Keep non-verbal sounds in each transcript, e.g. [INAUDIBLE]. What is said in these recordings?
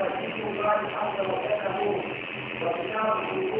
ويجب الله حتى وكانه وكانه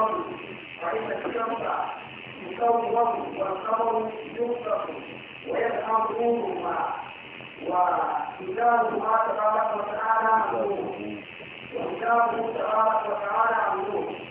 把这个箱子，你当姑姑，我当姑姑，你当叔叔，我也当叔叔嘛。哇，你当姑妈，我当姑妈，你当姑父，我当姑父。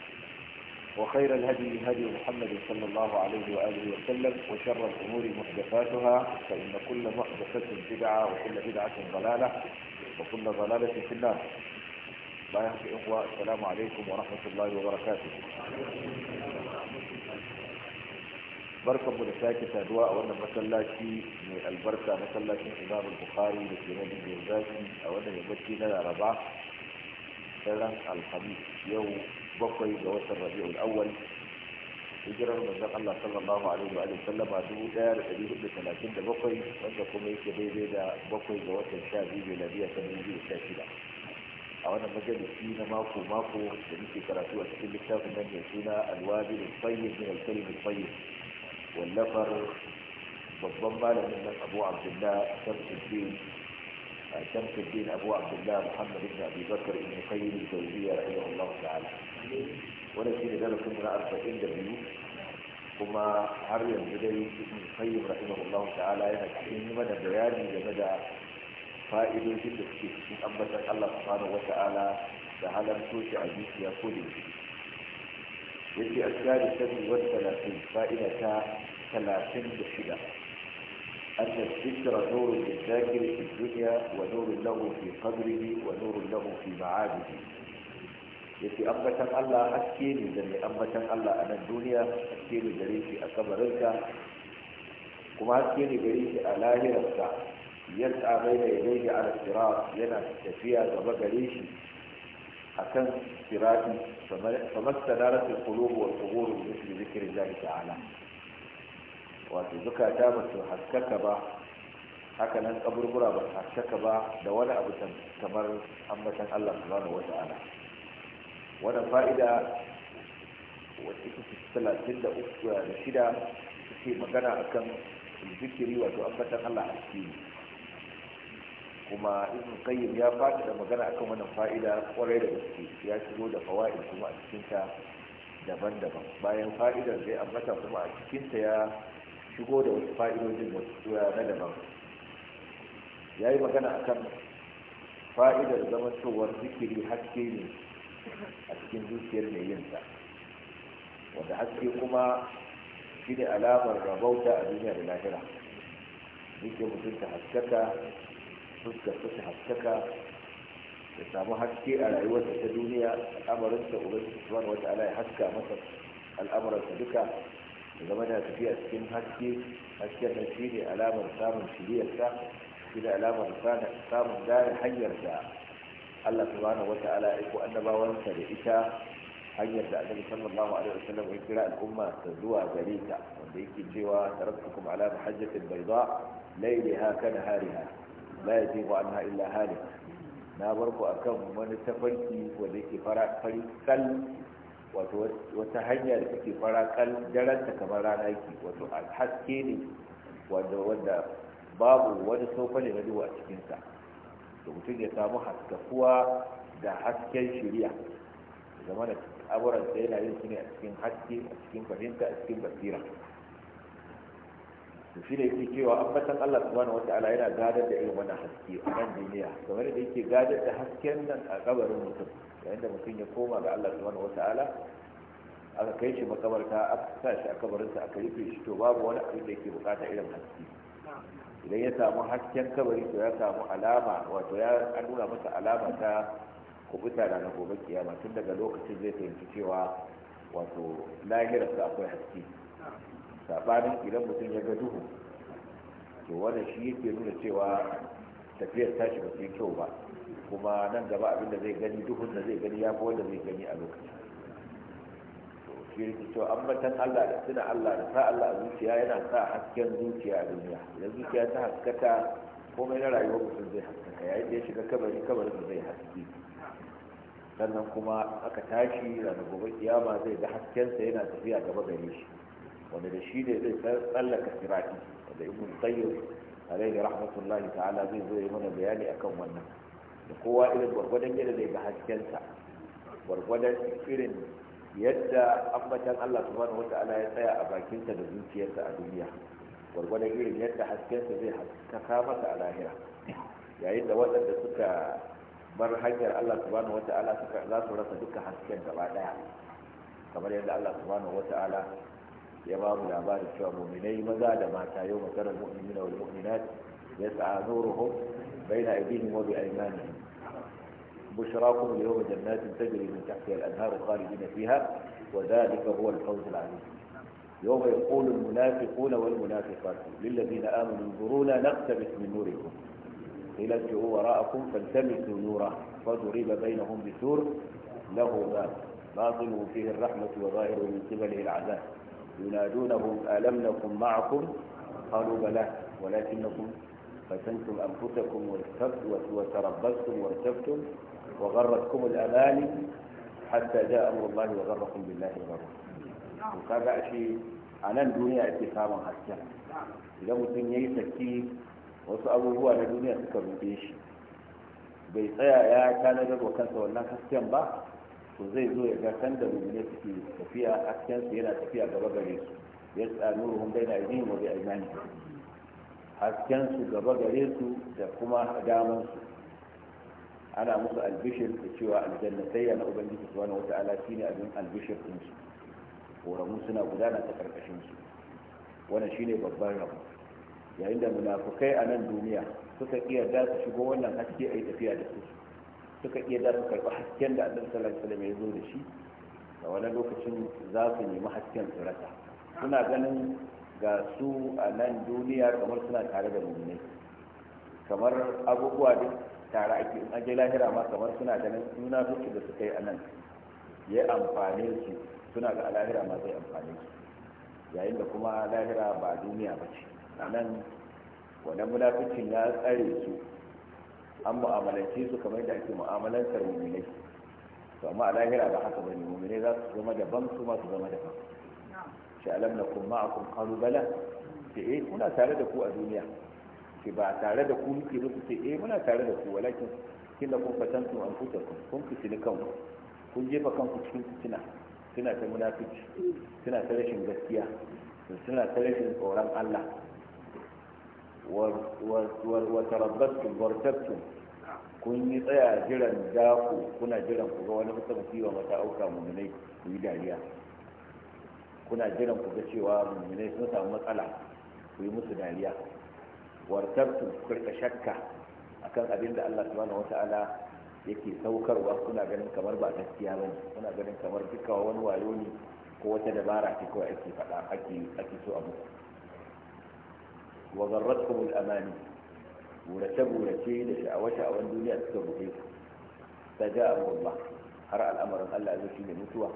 وخير الهدي هدي محمد صلى الله عليه وآله وسلم وشر الأمور محدثاتها فإن كل محدثة بدعة وكل بدعة ضلالة وكل ضلالة في النار لا يحكي إخوة السلام عليكم ورحمة الله وبركاته بركة mu أدواء وانا مسلاتي من البركة masallaci من امام البخاري imam bukhari da وانا nan da رباه wannan yammaci يوم bakwai ga watan rabi'ul awwal hijirar manzon Allah sallallahu alaihi wa sallama dubu ɗaya da ɗari hudu talatin da bakwai wanda kuma yake daidai da bakwai ga watan sha biyu miladiya ta dubu biyu sha shida a wannan majalisi na mako mako da muke karatu a cikin littafin nan mai suna alwabi da tsayin min alkalim tsayin wallafar babban malamin nan abu abdullah sabtuddin شمس الدين أبو عبد الله محمد بن أبي بكر بن قيم الجوزية رحمه الله تعالى ولكن ذلك من أربعين دبيو كما har yanzu dai ibn qayyim rahimahullahu ta'ala yana cikin mana bayani game da fa'idodin da suke cikin ambatan Allah subhanahu wata'ala da halarto shi a zuciya ko da yake yake asali sabi talatin fa'ida talatin da shida أن الذكر نور للذاكر في الدنيا ونور له في قدره ونور له في معابده يتي أ م ك الله أ ك ي ن الله أ الدنيا أ ك ي ن وما أ ك ي ن ذريك أ ل ا بين يديه على الصراط لنا كفيا وبقى ليش أ ك صراطي فما استدارت القلوب والقبور بمثل ذكر الله تعالى wato zukata ba su haskaka ba haka nan kaburbura ba su haskaka ba da wani abu kamar ambatan Allah wata wata'ala wannan fa'ida wacce take talatin da uku da shida suke magana akan zikiri wato ambatan Allah a cikin kuma ibn qayyim ya fada da magana akan wannan fa'ida kwarai da gaske ya shigo da fawaid kuma a cikinta daban-daban bayan fa'idar zai ambata kuma a cikinta ya shigo da wasu fa'idojin wasu na daban ya yi magana a kan fa'idar zamantowar zikiri haske ne a cikin zuciyar mai yinsa wanda haske kuma shi ne alamar rabauta a duniya da lahira zuciyar mutum ta haskaka fuskar ta haskaka ya samu haske a rayuwarsa ta duniya al'amarinsa ubangiji subhanahu wata ala ya haska masa al'amuransa duka da zama da tafiya cikin haske haske nan shi ne alamar samun shiriyarsa shi ne alamar samun gane hanyar da Allah subhanahu wa ta'ala ya ko annabawansa da ita hanyar da annabi sallallahu alaihi wasallam ya kira al'umma ta zuwa gare ta wanda yake cewa taraktukum ala mahajjatin bayda laylaha kanahariha la yazigu anha illa halik na barku akan wani tafarki wanda yake fara sal. wato wata hanya da take fara kal daranta kamar rana yake wato haske ne wanda wanda babu wani sofale na duhu a cikinsa Da mutum ya samu haskafuwa da hasken shirya zama da aburansa yana yin su ne a cikin haske a cikin fahimta a cikin basira to shi da yake cewa ambatan Allah subhanahu wata'ala yana gadar da irin wannan haske a nan duniya kamar da yake gadar da hasken nan a kabarin mutum yayin da mutum ya koma ga Allah subhanahu wata'ala aka kai shi makabarta aka sa shi a kabarinsa aka rufe shi to babu wani abin da yake bukata irin haske idan ya samu hasken kabari to ya samu alama wato ya an nuna masa alama ta kubuta na gobe kiyama tun daga lokacin zai fahimci cewa wato lahira su akwai haske sabanin idan mutum ya ga duhu to wannan shi yake nuna cewa tafiyar tashi ba yi kyau ba kuma nan gaba abin da zai gani duhun da zai gani ya fi wanda zai gani a lokacin shi ne cewa ambatan Allah da tuna Allah da sa Allah a zuciya yana sa hasken zuciya a duniya da zuciya ta haskaka komai na rayuwar mutum zai haskaka yayin da ya shiga kabari kabarin da zai haske sannan kuma aka tashi ranar gobe kiyama zai ga haskensa yana tafiya gaba gare shi wanda da shi ne zai tsallaka sirati wanda ibn qayyim alaihi rahmatullahi ta'ala zai zo ya yi mana bayani akan wannan da kowa irin gwargwadon yadda zai ga haskensa gwargwadon irin yadda ambatan Allah subhanahu ta'ala ya tsaya a bakinsa da zuciyarsa a duniya gwargwadon irin yadda haskensa zai haskaka masa a lahira yayin da waɗanda suka bar hanyar Allah subhanahu wa suka za su rasa duka hasken gaba daya kamar yadda Allah subhanahu ta'ala ya ba mu labarin cewa mu'minai maza da mata yau masarar mu'minina wal mu'minat yas'a nuruhum baina aydihim wa bi aymanihim بشراكم اليوم جنات تجري من تحتها الأنهار خالدين فيها وذلك هو الفوز العظيم يوم يقول المنافقون والمنافقات للذين آمنوا انظرونا نقتبس من نوركم قيل ارجعوا وراءكم فالتمسوا نورا فضرب بينهم بسور له باب باطنه فيه الرحمة وظاهره من قبله العذاب ينادونهم ألم نكن معكم قالوا بلى ولكنكم فتنتم أنفسكم وتربصتم وارتبتم وغرتكم الأماني حتى جاء أمر الله وغركم بالله الغرور وكذا شيء أنا الدنيا اتفاما حتى إذا mutum ya yi saki wasu abubuwa na duniya suka rufe shi bai tsaya ya tanadar wa kansa wannan hasken ba to zai zo ya ga kan da mummune suke tafiya haskensu yana tafiya gaba gare su ya tsanu ruhun bai na idin wa bai aimani su gaba gare su da kuma damansu ana musu albishir da cewa aljanna, aljannatayya na ubangiji subhanahu wata'ala shine abin albishir din su koramu suna gudana ta karkashin su wannan shine babban rabo yayin da munafukai a nan duniya suka iya da su shigo wannan haske a tafiya da su suka iya da su karɓi hasken da annabi sallallahu alaihi wasallam ya zo da shi a wani lokacin za su nemi hasken su suna ganin ga su a nan duniya kamar suna tare da mummunai kamar abubuwa duk tare ake in aje lahira ma kamar suna ganin nuna zuci da suka yi anan ya amfane su suna ga lahira ma zai amfane su yayin da kuma lahira ba duniya ba ce a nan wannan munafikin ya tsare su an mu'amalance su kamar da ake mu'amalantar muminai to amma a lahira ba haka bane muminai za su zama daban su ma su zama daban shi alam na kuma akun kalubala bala ce eh kuna tare da ku a duniya ki ba tare da ku muke musu ce eh muna tare da ku walakin killa kun fatantu an kuta kun kun fitini kanku kun jefa kanku cikin fitina suna ta munafiki suna ta rashin gaskiya suna ta rashin tsoron Allah wa tarabbatu wartabtum kun yi tsaya jiran daku kuna jiran ku ga wani mutum kiwa mata auka mummunai ku yi dariya kuna jiran ku ga cewa mummunai sun samu matsala ku yi musu dariya wartartu kurka shakka akan abin da Allah subhanahu wata'ala yake saukarwa kuna ganin kamar ba gaskiya bane kuna ganin kamar duka wani wayo ne ko wata dabara ce kawai ake faɗa ake ake so abu wa garratkum al-amani burace burace da sha'awata a wani duniya suka buɗe ku saja Allah har al'amarin Allah zai shi ne mutuwa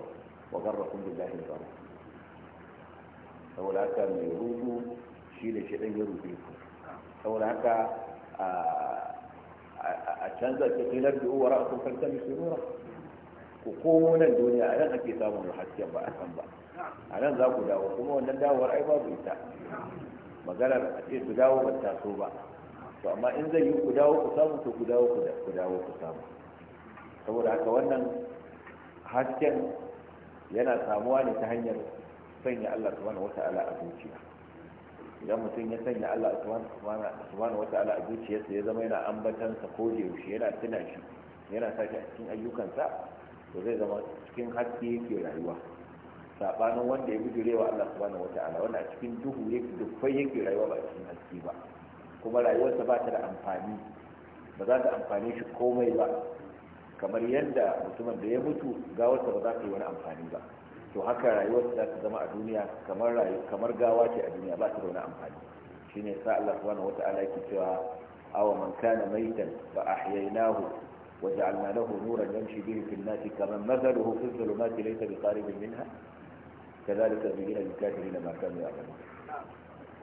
wa garrakum billahi al-gharur saboda haka mai rubu shi ne shi ɗan ya rufe ku saboda haka a canza ta tsirar da uwar a kofar ta mishi nura ku komo nan duniya a nan ake samun hasken ba a kan ba a nan za ku dawo kuma wannan dawowar ai babu ita maganar a ce su dawo ba taso ba to amma in zai yi ku dawo ku samu to ku dawo ku dawo ku samu saboda haka wannan hasken yana samuwa ne ta hanyar sanya Allah subhanahu wata'ala a zuciya idan mutum ya sanya Allah subhanahu wa ta'ala a zuciyarsa ya zama yana sa ko da yaushe yana tuna shi yana sake a cikin ayyukansa to zai zama cikin haske yake rayuwa sabanin wanda ya bijire wa Allah subhanahu wa ta'ala wanda a cikin duhu yake dukkan yake rayuwa ba cikin haske ba kuma rayuwarsa ba ta da amfani ba za ta amfani shi komai ba kamar yadda mutumin da ya mutu gawarsa ba za ta yi wani amfani ba to haka rayuwar za ta zama a duniya kamar kamar gawa ce a duniya ba ta da wani amfani shine sa Allah subhanahu wata'ala yake cewa awa man kana maitan fa ahyaynahu wa ja'alna lahu nuran yamshi bihi fil nasi kaman mathaluhu fi dhulumati laysa biqaribin minha kadhalika zayyana lil kafirin ma kanu ya'malun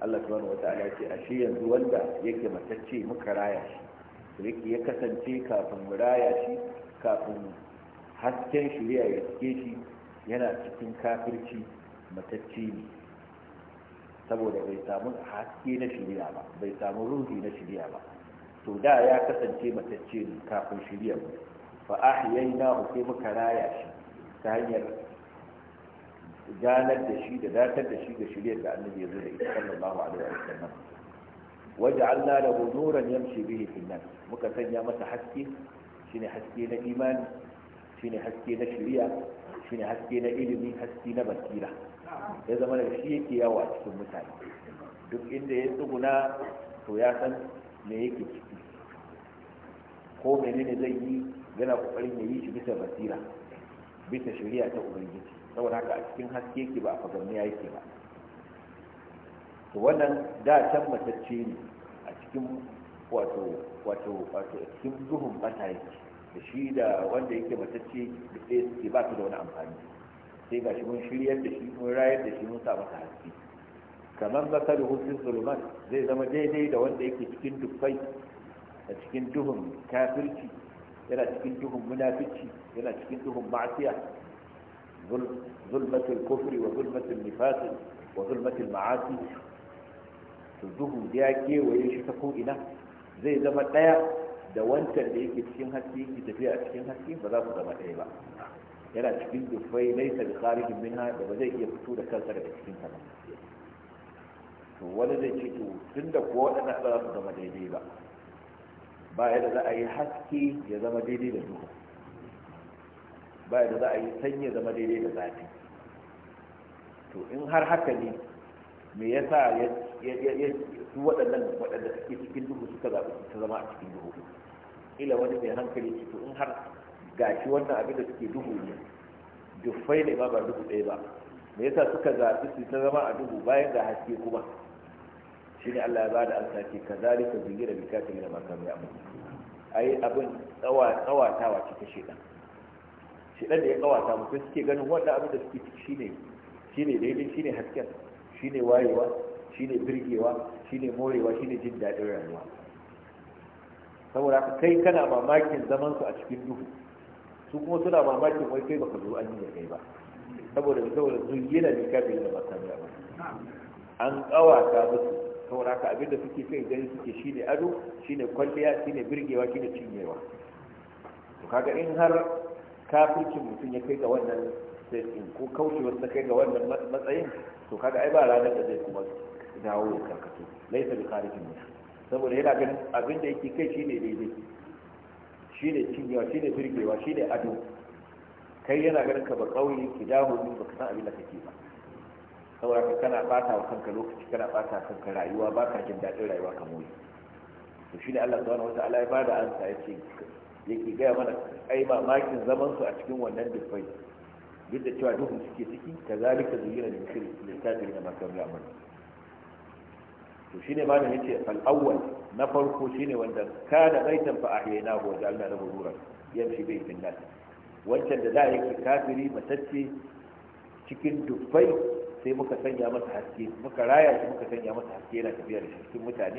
Allah subhanahu wata'ala a shi yanzu wanda yake matacce muka raya shi yake ya kasance kafin mu raya shi kafin hasken shari'a ya riske shi yana cikin kafirci matacce ne saboda bai samu haske na shari'a ba bai samu ruhi na shari'a ba to da ya kasance matacce ne kafin shari'a mu fa ahyayna sai muka raya shi ta hanyar ganar da shi da datar da shi ga shari'ar da annabi ya zai sallallahu alaihi wa sallam Allah da nuran yamshi bihi fil nas muka sanya masa haske shine haske na imani shine haske na shari'a ne haske na ilimi haske na basira ya zama da shi yake yawo a cikin mutane duk inda ya tsuguna to ya san me yake ciki ko menene zai yi yana kokarin ya yi shi bisa basira bisa shari'a ta ubangiji saboda haka a cikin haske ke ba a fagamni yake ba to wannan da can matacce ne a cikin wato wato wato cikin duhun bata yake da shi da wanda yake matacce da sai suke ba su da wani amfani sai ga shi mun shiryar da shi mun rayar da shi mun sa masa haske kamar bakar hussein sulman zai zama daidai da wanda yake cikin dufai a cikin duhun kafirci yana cikin duhun munafici yana cikin duhun ma'asiya zulmatul kufri wa zulmatul nifasi wa zulmatul ma'asi to duhu ya kewaye shi ta ko'ina zai zama ɗaya da wancan da yake cikin haske yake tafiya a cikin haske ba za ku zama ɗaya ba yana cikin dufai laisa da kharijin minna da ba zai iya fito da kansa daga cikin ta ba to wani zai ce to tunda ko waɗannan ba za su zama daidai ba ba yadda za a yi haske ya zama daidai da duhu ba yadda za a yi sanyi ya zama daidai da zafi to in har haka ne me yasa ya su waɗannan waɗanda suke cikin duhu suka zaɓi su zama a cikin duhu ila wani mai hankali ce to in har gashi wannan abin da suke duhu ne dufai ne ma ba duhu ɗaya ba me yasa suka zaɓi su ta zama a duhu bayan ga haske kuma shi ne Allah ya ba da ansa ce ka da zugira bi kafin da maka mai amma ai abin tsawatawa ce ta shedan da ya tsawata mutum suke ganin wannan abin da suke shine shine daidai shine hasken shine wayewa shine birgewa shine morewa shine jin daɗin rayuwa saboda haka kai kana mamakin zaman su a cikin duhu su kuma suna mamakin wai kai baka zo an yi kai ba saboda saboda zuyyina ne kafin da masu da ba an ta musu saboda haka abinda suke kai gani suke shine ado shine kwalliya shine birgewa shine cinyewa to kaga in har kafircin mutum ya kai ga wannan sai ko kaushe ta kai ga wannan matsayin to kaga ai ba ranar da zai kuma dawo ya karkato laisa bi kharijin mutum saboda yana ganin abin da yake kai shine daidai shine cinyewa shine firgewa shine ado kai yana ganin ka ba kauye ki dawo ni ka san abin da kake ba saboda ka kana bata wa kanka lokaci kana bata kanka rayuwa ba ka jin daɗin rayuwa ka moyi to shine Allah subhanahu wataala ya bada ansa ce yake gaya mana ai mamakin zaman su a cikin wannan dubbai duk da cewa duhun suke ciki kazalika zuyyina lil kafirin ma kanu ya'malun to shine ma da ce fal awwal na farko shi ne wanda ka kana baitan fa ahyayna wa ja'alna lahu nuran yamshi bihi fil nas wancan da za da yake kafiri matacce cikin dubbai sai muka sanya masa haske muka raya shi muka sanya masa haske yana tafiya da cikin mutane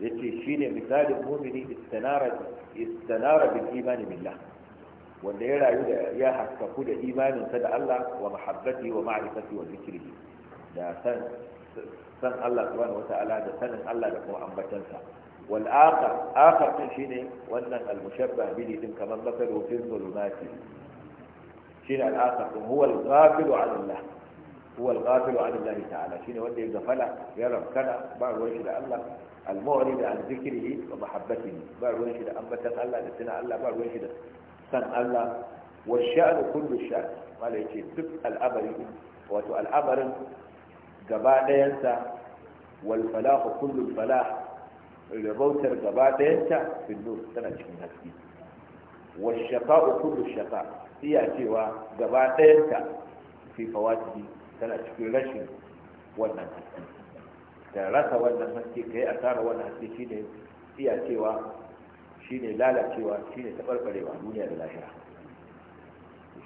ya ce shi ne misalin mu'mini istanara istanara bil imani billah wanda ya rayu da ya haskaku da imaninsa da Allah wa mahabbati wa ma'rifati wa zikrihi da san san Allah subhanahu wata'ala da sanin Allah da kuma ambatansa wal akhar akhar din shine wannan al mushabbah bihi din kamar masalu fi zulumati shine al akhar din huwa al ghafil an Allah huwa al ghafil an Allah ta'ala shine wanda ya gafala ya rabkana ba ruwan shi da Allah al mu'rid an zikrihi wa mahabbatihi ba ruwan shi da ambatan Allah da tuna Allah ba ruwan shi da san Allah wa sha'nu kullu sha'n wala yace duk al'amari wato al'amarin gaba ɗayansa wal falahu kullum falah rabautar gaba ɗayanta nur tana cikin haske wal shaqa'u kullu shaqa iya cewa gaba ɗayanta fi fawati tana cikin rashin wannan haske da rasa wannan haske kai asara wannan haske shine iya cewa shine lalacewa shine tabarbarewa duniya da lahira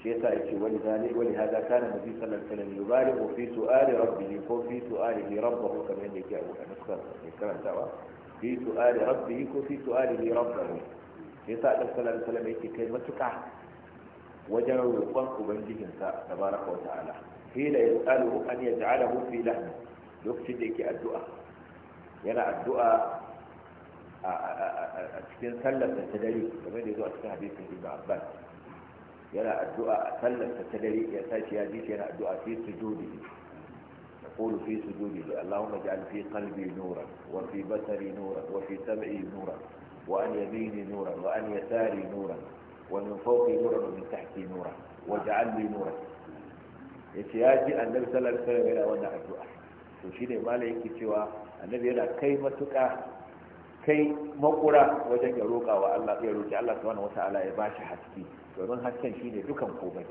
shi yasa yake wani zane wani hada kana nabi sallallahu alaihi wasallam yubaligu fi su'ali rabbihi ko fi su'alihi rabbahu kamar yadda yake a nuskar da karantawa fi su'ali rabbihi ko fi su'alihi rabbahu shi yasa annabi sallallahu alaihi wasallam yake kai matuƙa wajen roƙon ubangijinsa tabaraka wa ta'ala hila yas'aluhu an yaj'alahu fi lahmi lokacin da yake addu'a yana addu'a a cikin sallar da ta dare kamar da yazo a cikin hadisin ibn abbas yana addu'a a sallar ta dare ya tashi ya ji yana addu'a fi sujudi يقول في سجوده اللهم اجعل في قلبي نورا وفي بصري نورا وفي سمعي نورا وعن يميني نورا وعن يساري نورا ومن فوقي نورا ومن تحتي نورا واجعل لي نورا يتياجي النبي صلى الله عليه وسلم الى وانا الدعاء to shine malai yake cewa annabi yana kai matuƙa kai makura wajen ya roƙa wa Allah ya roƙi Allah subhanahu wata'ala ya bashi haske domin hasken shi ne dukan komai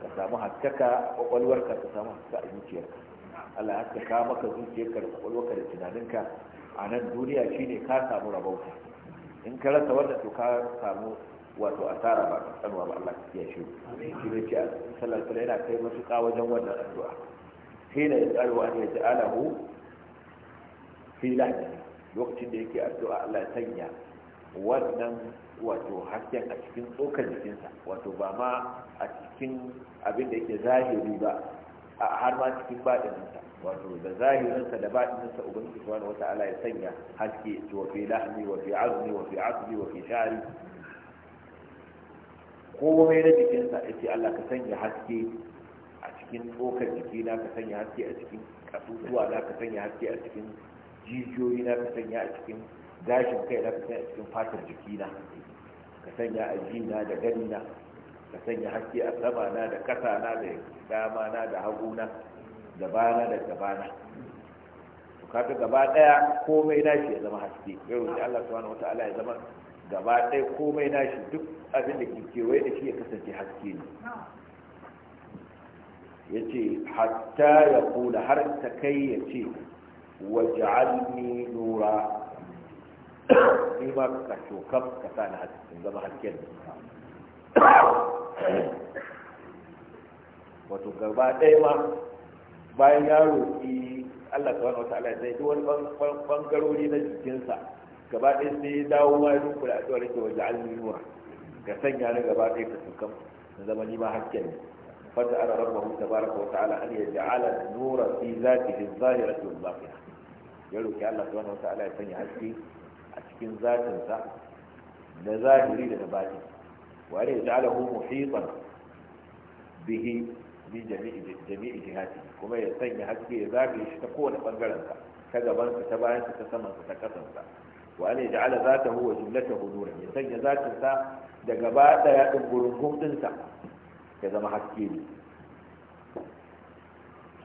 ka samu haskaka kwakwalwarka ka samu haskaka a zuciyarka Allah ya ka maka zuciyarka da kwakwalwarka da tunaninka a nan duniya shi ne ka samu rabauta in ka rasa wannan to ka samu wato asara ba tsanwa ba Allah ya shi shi ne ce sallallahu alaihi yana kai matuƙa wajen wannan addu'a sai hina tsaro an yaj'alahu fi lahdihi lokacin da yake addu'a Allah ya sanya wannan wato hasken a cikin tsokar jikinsa wato ba ma a cikin abin da yake zahiri ba har ma cikin baɗininsa wato da zahirinsa da baɗininsa ubangiji subhanahu ala ya sanya haske to wa fi lahmi wa fi azmi wa fi asli wa fi sha'ri na jikinsa yace Allah ka sanya haske a cikin tsokar jikina ka sanya haske a cikin kasusuwa na ka sanya haske a cikin jijiyoyi na ka sanya a cikin gashin kai na ka sanya a cikin fatar jikina ka sanya a jina da ganina ka sanya haske a sama na da kasa na da dama na da hagu na da bana da gabana to kaga gaba daya komai nashi ya zama haske yau da Allah subhanahu wataala ya zama gaba daya komai nashi duk abin da ke kewaye da shi ya kasance haske ne ya ce hatta ya kula har ta kai ya ce waj'alni nura ni ma ka shokam ka sa ni hasken zama hasken wato gaba ɗaya ma bayan ya roƙi Allah subhanahu wa ta'ala sai duk wani bangarori na jikinsa gaba ɗaya sai ya dawo ma duk da addu'a da waje alminuwa ka sanya ni gaba ɗaya ka tukan na zama ni ma hakken ne fata ana rabbahu tabaraka wa ta'ala an yaj'ala nura fi zatihi adh-dhahirati wal-batinah ya roki Allah subhanahu wataala ya sanya haske a cikin zatinsa na zahiri da na batin wa ya ja'alahu muhitan bihi bi jami'i jihati kuma ya sanya haske ya zagaye shi ta kowane bangaren sa ta gaban sa ta bayan sa ta saman sa ta kasan sa wa ya ja'ala zatahu wa jumlatahu nuran ya sanya zatin sa da gaba daya din gurin din sa ya zama haske ne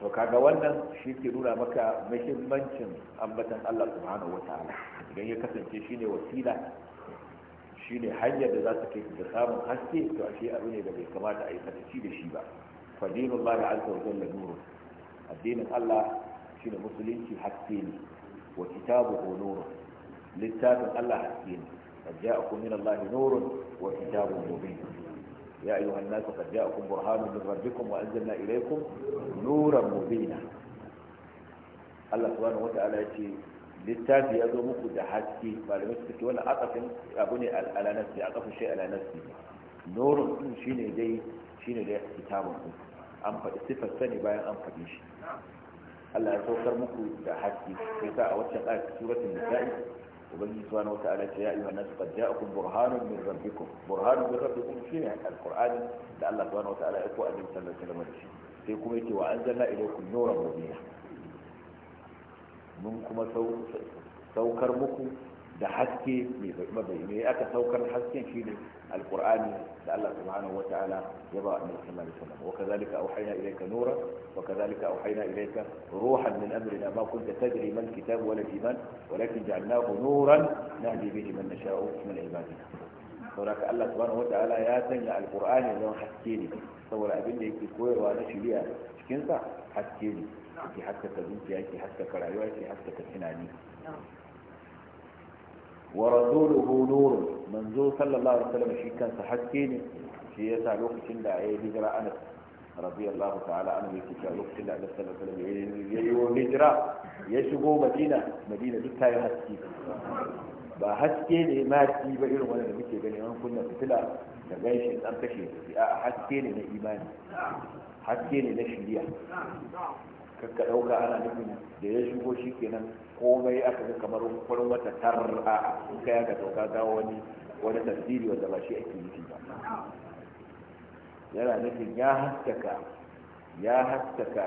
to kaga wannan shi ke nuna maka muhimmancin ambatan Allah subhanahu wataala idan ya kasance shine wasila shine hanyar da za ta kai da samun haske to ashe abu ne da bai kamata a yi sakaci da shi ba fadilullahi azza wa jalla nuru addinin Allah shine musulunci haske ne wa kitabuhu nuru littafin Allah haske ne qad ja'akum min Allah nurun wa kitabu mubin يا أيها الناس قد جاءكم برهان من ربكم وأنزلنا إليكم نورا مبينا الله سبحانه وتعالى يتي littafi ya zo muku da haske malamai suka ce wani akafin abu ne ala nafsi akafin shi ala nafsi nurun din shine dai shine dai kitabun din an faɗi sifar sani bayan an faɗi shi Allah ya saukar muku da haske sai sa a ubangiji subhanahu wata'ala ce ya ayyuhan nasu qad ja'akum burhanun min rabbikum burhanun min rabbikum shine alqur'ani da Allah subhanahu wata'ala ya ko annabi sallallahu alaihi wasallam da shi sai kuma yake wa anzalna ilaykum nuran mubina mun kuma saukar muku da haske mai mabayi aka saukar hasken shi shine alqur'ani da Allah subhanahu wataala ya ba annabi sallallahu alaihi wasallam wa kadhalika awhayna ilayka nura wa kadhalika awhayna ilayka ruhan min amrina ma kunta tadri man kitab wala iman walakin ja'alnahu nuran nahdi bihi man nasha'u min ibadina saboda Allah subhanahu wataala ya sanya alqur'ani don haske ne saboda abin da yake koyarwa na shari'a cikin sa haske ne yake haskaka zuciya yake haskaka rayuwa yake haskaka tunani wa rasuluhu nurun manzo sallallahu alaihi wasallam shi kansa haske ne shi yasa lokacin da ya hijira Anas radiyallahu ta'ala anhu yake cewa lokacin da Anas sallallahu alaihi wasallam ya yi hijira ya shigo Madina Madina duk ta haske ba haske ne mati ba irin wanda muke gani an kunna fitila da ganshin dan kashe haske ne na imani haske ne na shiriya ka ɗauka ana nufin da ya shigo shi kenan komai aka ga kamar kwarin wata tar'a in ka yaka ɗauka dawo wani wani tasiri wanda ba shi ake yi ba yana nufin ya haskaka ya haskaka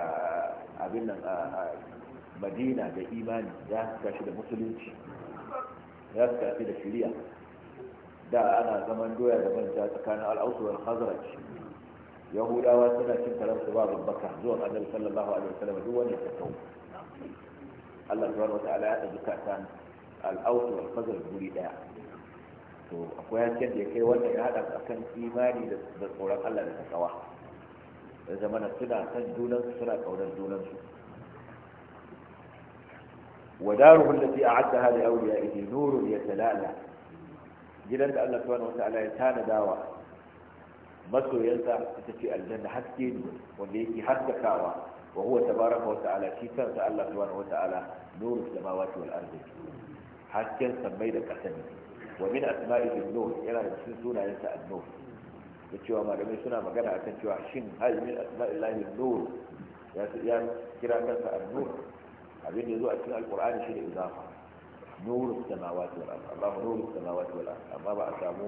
abin nan a madina da imani ya haskaka shi da musulunci ya haskaka shi da shiriya da ana zaman doya da manta tsakanin al'ausuwar hazarci yahudawa suna cin karansu ba babbaka zuwa annabi sallallahu alaihi wasallam duk wanda ya kawo Allah subhanahu wataala ya ɗauki kasan al'autu wal fazl guri daya to akwai yankin da ya kai wanda ya haɗa akan imani da tsoron Allah da takawa da zamana suna san junansu suna kaunar junansu وداره التي أعدها لأوليائه نور يتلالى جلد الله سبحانه وتعالى يتانا داوى masoyansa ita ce aljanna haske ne wanda yake haskakawa wa huwa tabaraka wa ta'ala shi kansa Allah subhanahu wa ta'ala nuru samawati wal ardi hasken sabai da kasani wa min bin nur yana da cikin sunayensa an-nur da cewa malamai suna magana akan cewa shin hal min lahi nur ya kira kansa an-nur abin da yazo a cikin alqur'ani shi da izafa nuru samawati wal ardi Allah nuru samawati wal ardi amma ba a samu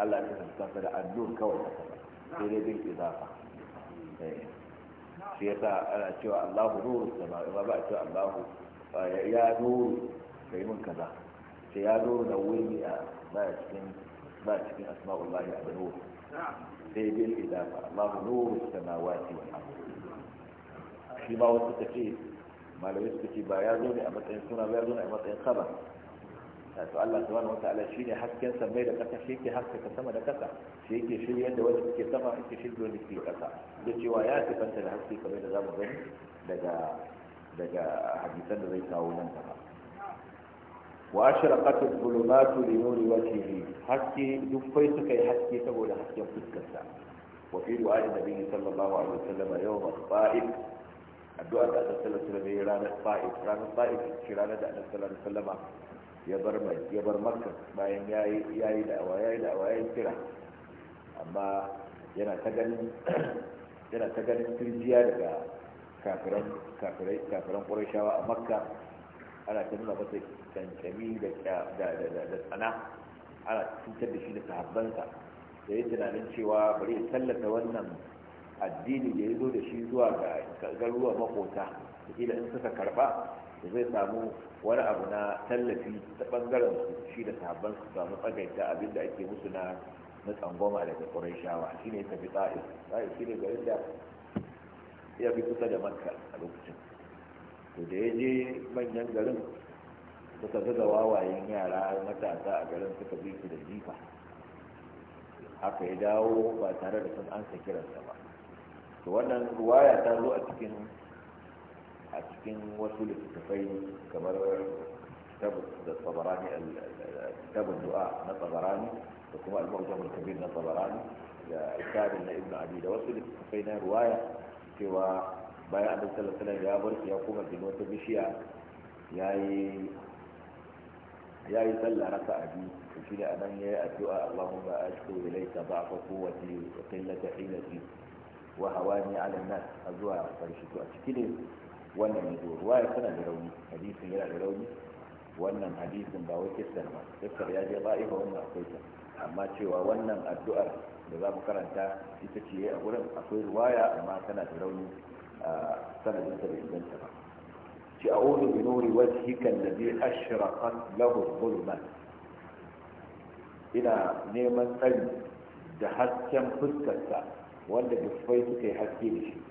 Allah ya kasance da annur kawai ta kasa sai dai bin izafa eh, shi sa ana cewa Allahu nuru da ba ba a cewa Allahu ya nuru yi mun kaza sai ya nuru da wuri a ba cikin ba cikin asma'ullahi an-nur sai bil idafa Allahu nuru na wal ardi shi ma wasu ta ce malamai suka ce ba ya zo ne a matsayin suna ba ya zo ne a matsayin khabar to Allah subhanahu ta'ala shine hasken samai da kasa shi yake haskaka sama da kasa shi yake shirya da wanda suke sama yake shirya da suke kasa da cewa ya tafanta da haske kamar da zamu gani daga daga hadisan da zai kawo nan gaba wa ashraqat al-zulumat li nuri wajhihi haske dukkai suka yi haske saboda hasken fuskarsa wa fi du'a nabi sallallahu alaihi wasallam yawm al-fa'id addu'a da sallallahu alaihi wasallam ranar fa'id ranar fa'id shi ranar da sallallahu alaihi wasallam ya bar makka bayan ya yi da'awa ya yi da'awa kira amma [CLEARS THROAT] yana ta ganin turjiya daga kafiran ƙwarashawa a makka ana ta nuna masa kankami da tsana ana cutar da shi da sahabbansa da ya tunanin cewa bari ya tallata wannan addini da ya zo da shi zuwa ga garuruwa makota da in suka karba da zai samu wani abu na tallafi ta bangaren su shi da sahabban su samu tsagaita abin da ake musu na na tsangoma daga shawa. shi ne tafi ta'is ta'is shi ne garin da ya fi kusa da makka a lokacin to da ya je manyan garin suka zaga wawayen yara matasa a garin suka bi su da jifa haka ya dawo ba tare da sun ansa kiransa ba to wannan ruwaya ta zo a cikin a cikin wasu littattafai kamar tabarani kitabun du'a na tabarani da kuma al-mu'jamul kabir na tabarani da kitabin na ibnu abi da wasu littattafai na ruwaya cewa bayan annabi sallallahu alaihi ya bar ya kuma jin wata bishiya yayi yayi sallah raka'a biyu shi da anan yayi addu'a Allahumma ashku ilayka da'fa quwwati wa qillata hilati wa hawani 'ala an-nas azwa farshi to a cikin wannan ya zo ruwaya da rauni hadisin yana da rauni wannan hadisin ba wai kissan ba kissan ya je ba'ifa wannan akwai ta amma cewa wannan addu'ar da za mu karanta ita ce a gurin akwai ruwaya amma tana da rauni sanadin ta da inganta ba ci a odu bi nuri wajhika alladhi ashraqat lahu dhulmat ina neman tsari da hasken fuskarsa wanda dukkai suka yi haske da shi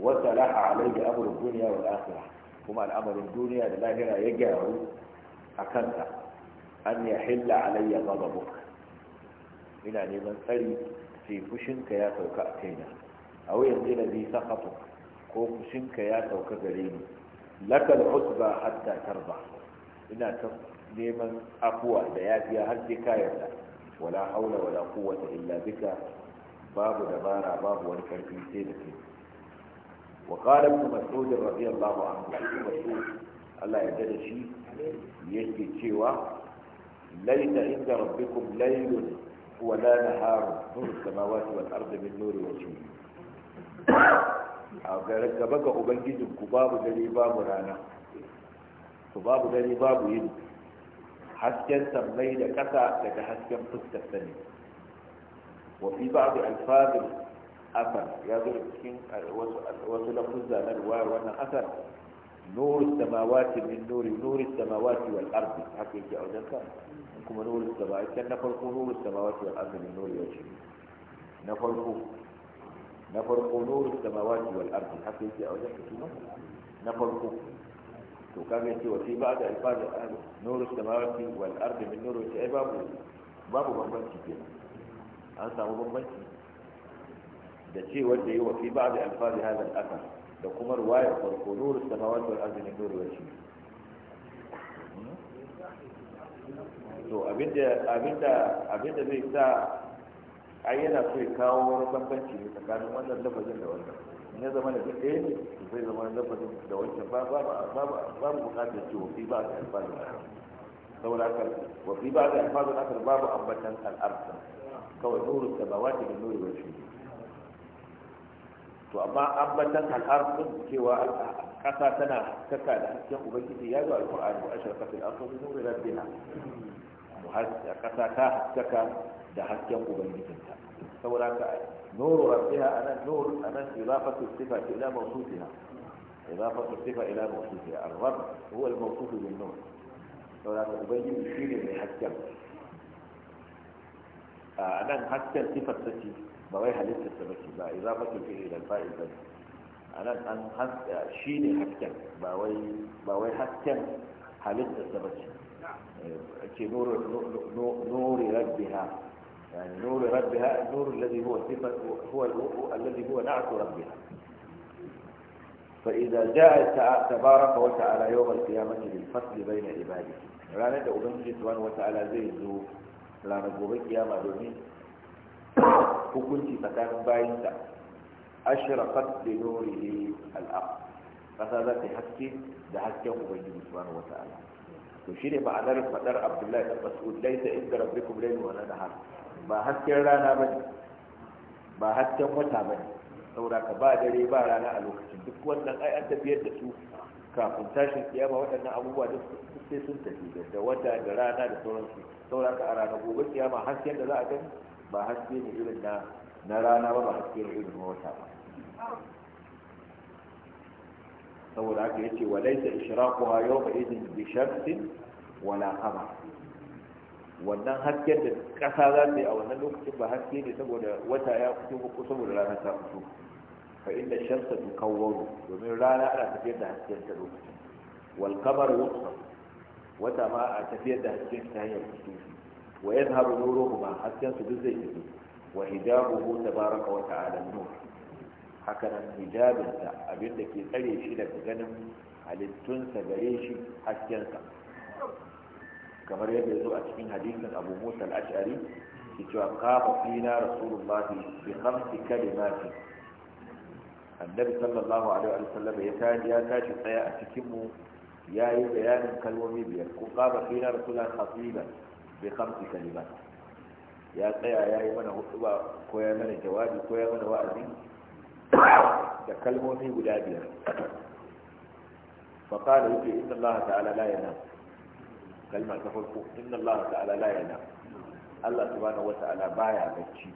وسلاح عليه أمر الدنيا والآخرة كما الأمر الدنيا لأننا يجعل أكنت أن يحل علي غضبك إلى لمن سري في فشنك يا توك أتينا أو ينزل لي سخطك كو فشنك يا توك غريني لك العتبى حتى ترضى الى لمن أقوى لياتي هل ذكايا ولا حول ولا قوة إلا بك باب دبارة باب ونكر في سيدك وقال ابن مسعود رضي الله عنه ابن مسعود الله يجد شيء يجد ليس عند ربكم ليل ولا نهار نور السماوات والأرض من نور وجهه a gaba ga ubangijin ku babu dare babu rana ku babu dare babu yin hasken sammai da ƙasa daga hasken fuskar sani wafi ba asar ya zo da cikin eh, wasu lafuzza na ruwayar wannan asar nuru samawati min nuri nuri samawati wal ardi haka yake a wajen kan kuma nuru samawati can na farko nuru samawati wal ardi min nuri yace na farko na farko nuru samawati wal ardi haka yake a wajen kan na farko to kaga yace wa fi ba'da ifad al nuru samawati wal ardi min nuri ai babu babu bambanci kenan an samu bambanci da ce wanda yi wa fi ba'd alfaz hadha al-athar da kuma riwaya farko nur samawati wal ardi min nur wajhi to abinda zai sa ai yana so ya kawo wani bambanci ne tsakanin wannan lafazin da wannan in zama da duk ɗaya ne zai zama lafazin da wancan babu babu bukatar ce wa fi ba'd alfaz saboda haka wa fi ba'd alfaz al-athar babu ambatan al kawai nuru samawati min nur wajhi to amma ambatan al'ar din cewa ƙasa tana haskaka da hasken ubangiji ya zo alqur'ani wa ashraqa fil ardi bi nuri rabbiha muhassa kasa ta haskaka da hasken ubangijinta saboda ka nuru rabbiha anan nur anan idafatu sifa ila mawsufiha idafatu sifa ila mawsufiha ar-rabb huwa al-mawsuf bin nur saboda ka ubangiji shine mai hasken a nan hasken sifar ta ba wai halittar ta bace ba izafatu fi ila fa'il bane anan an haska shine hasken ba wai ba wai hasken يعني نور ربها النور الذي هو صفة هو الذي هو نعت ربها فإذا جاء تبارك وتعالى يوم القيامة للفصل بين عباده رانا دا أبنجي سبحانه وتعالى زي لا رانا بك يا دومين hukunci tsakanin bayinsa ashraqat bi nurihi al-ard kasa za ta haske da hasken ubangiji subhanahu wata'ala to shine ma'anar fadar abdullahi dan mas'ud laisa inda rabbikum laylun wala nahar ba hasken rana bane ba hasken wata bane saboda ka ba dare ba rana a lokacin duk wannan ai an tafiyar da su kafin tashin kiyama waɗannan abubuwa duk sai sun tafi da wata da rana da sauransu saboda ka a ranar gobe kiyama hasken da za a gani ba haske ne irin na na rana ba ba haske ne irin na wata ba saboda haka yace walaysa ishraquha yawma idin bi shamsin wala qamar wannan hasken da kasa za ta yi a wannan lokacin ba haske ne saboda wata ya fito ko saboda rana ta fito fa inda shamsa tukawwaru domin rana ana tafiyar da hasken ta lokacin wal qamar yuqsar wata ma a tafiyar da hasken ta hanyar kusurci wa yadhhabu nuruhuma hasken su duk zai tafi wa hijabuhu tabaraka baraka wata nur haka nan hijabinsa abinda ke tsare shi daga ganin halittunsa gare shi haskensa kamar yadda ya zo a cikin hadisin abu musa al'ashari ki cewa kafa fina rasulullahi bi khamsi kalimati annabi sallallahu alaihi wa sallam ya tashi ya tashi tsaya a cikin mu yayi bayanin kalmomi biyar ku kafa fina rasulullahi khatiban bi khamsi kalimat ya tsaya ya yi mana hutuba ko ya mana jawabi ko ya mana wa'azi da kalmomi guda biyar fa qala yake inna Allah ta'ala la yana kalma ta farko inna Allah ta'ala la yana Allah subhanahu wa ta'ala baya bacci